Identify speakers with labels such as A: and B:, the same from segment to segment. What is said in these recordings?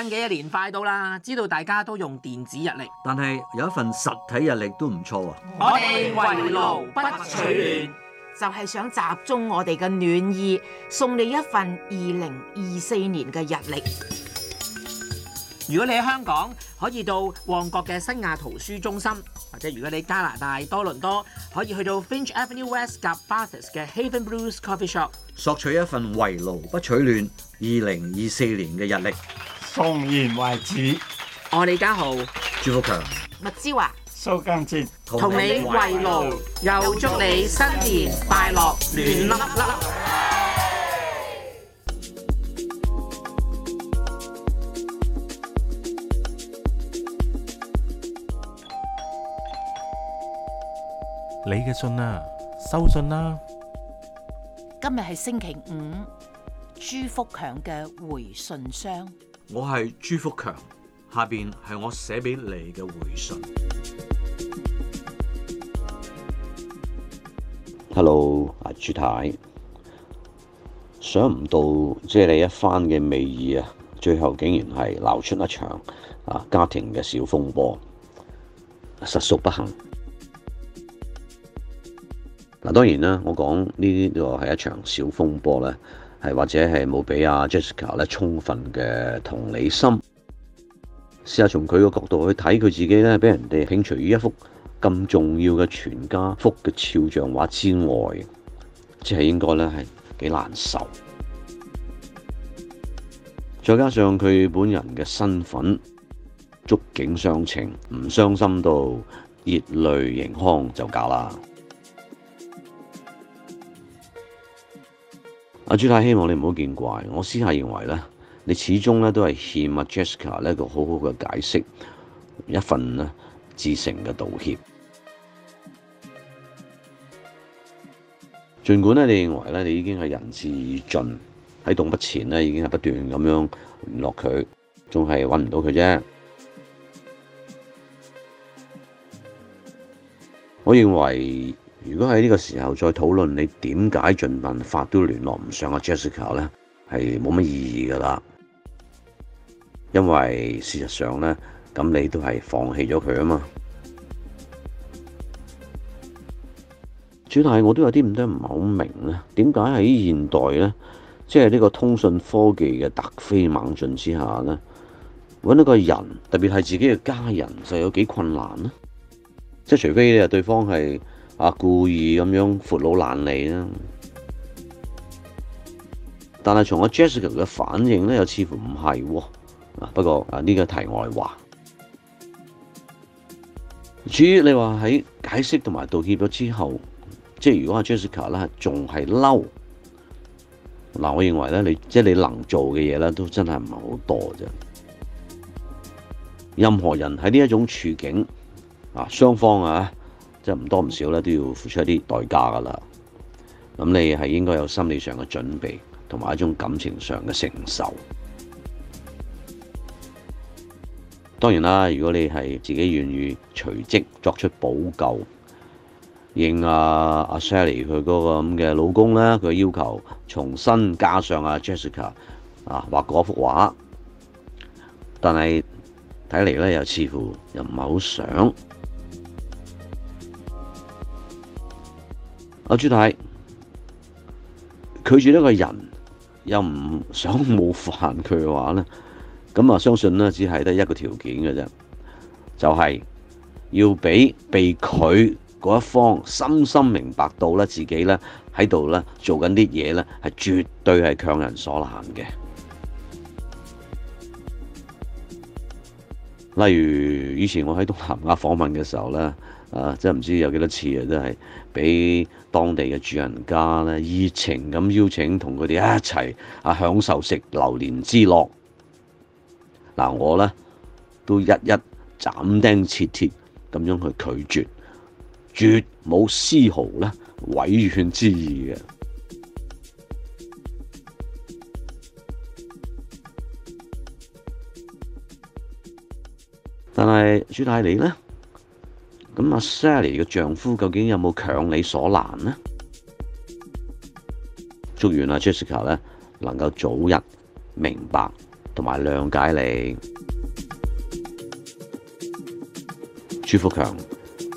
A: 新嘅一年快到啦，知道大家都用電子日曆，
B: 但係有一份實體日曆都唔錯啊！我哋為勞不
A: 取暖，就係想集中我哋嘅暖意，送你一份二零二四年嘅日曆。
B: 如果
A: 你喺香港，可
B: 以到旺角嘅新亞圖書中心，或者如果你加拿大多倫多，可以去到 Finch Avenue West 加 Bathurst 嘅 Haven Blues Coffee Shop，索取一份為勞不取暖二零二四年嘅日曆。同言為止，我李家豪，朱福強，麥志華，蘇更節，同你為路，
A: 又祝你新年快樂，暖粒
B: 粒。你嘅信啊，收信啦！
A: 今日係星期五，朱福強嘅回信箱。
B: 我係朱福強，下邊係我寫俾你嘅回信。Hello，阿朱太，想唔到即係你一番嘅美意啊，最後竟然係鬧出一場啊，家庭嘅小風波，實屬不幸。嗱，當然啦，我講呢啲就係一場小風波咧。係或者係冇俾阿 Jessica 咧充分嘅同理心，試下從佢個角度去睇佢自己咧，俾人哋興除於一幅咁重要嘅全家福嘅肖像畫之外，即係應該咧係幾難受。再加上佢本人嘅身份，觸景傷情，唔傷心到熱淚盈眶就假啦。阿朱太希望你唔好見怪，我私下認為呢，你始終咧都係欠阿 Jessica 一個好好嘅解釋，一份咧至誠嘅道歉。盡管咧你認為咧你已經係仁至義盡，喺動筆前咧已經係不斷咁樣聯絡佢，仲係揾唔到佢啫。我認為。如果喺呢個時候再討論你點解盡辦法都聯絡唔上阿 Jessica 咧，係冇乜意義㗎喇。因為事實上咧，咁你都係放棄咗佢啊嘛。主要係我都有啲唔得，唔係好明咧，點解喺現代咧，即係呢個通訊科技嘅突飛猛進之下咧，搵到個人，特別係自己嘅家人，就有幾困難咧。即係除非你咧，對方係。啊！故意咁樣闊佬爛你，但係從阿 Jessica 嘅反應呢，又似乎唔係喎。不過啊，呢個題外話。至於你話喺解釋同埋道歉咗之後，即係如果阿 Jessica 仲係嬲，嗱，我認為咧，你即係你能做嘅嘢咧，都真係唔係好多啫。任何人喺呢一種處境啊，雙方啊。就唔多唔少咧，都要付出一啲代價㗎喇。咁你係應該有心理上嘅準備，同埋一種感情上嘅承受。當然啦，如果你係自己願意隨即作出補救，應阿阿 Shelly 佢嗰個咁嘅老公咧，佢要求重新加上阿 Jessica 啊畫嗰幅畫，但係睇嚟咧又似乎又唔係好想。阿朱太拒絕一個人，又唔想冒犯佢嘅話咧，咁啊，相信咧只係得一個條件嘅啫，就係、是、要俾被佢嗰一方深深明白到咧，自己咧喺度咧做緊啲嘢咧，係絕對係強人所難嘅。例如以前我喺東南亞訪問嘅時候咧。啊！真係唔知有幾多次啊，都係俾當地嘅主人家呢，熱情咁邀請，同佢哋一齊啊享受食榴蓮之樂。嗱、啊，我呢都一一斬釘截鐵咁樣去拒絕，絕冇絲毫咧委婉之意嘅。但係朱太你呢？咁阿 Sally 嘅丈夫究竟有冇強你所難呢？祝願阿 Jessica 呢能夠早日明白同埋諒解你。 朱福強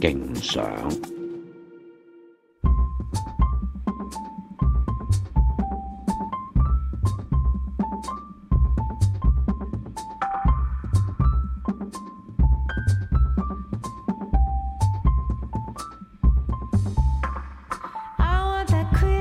B: 敬上。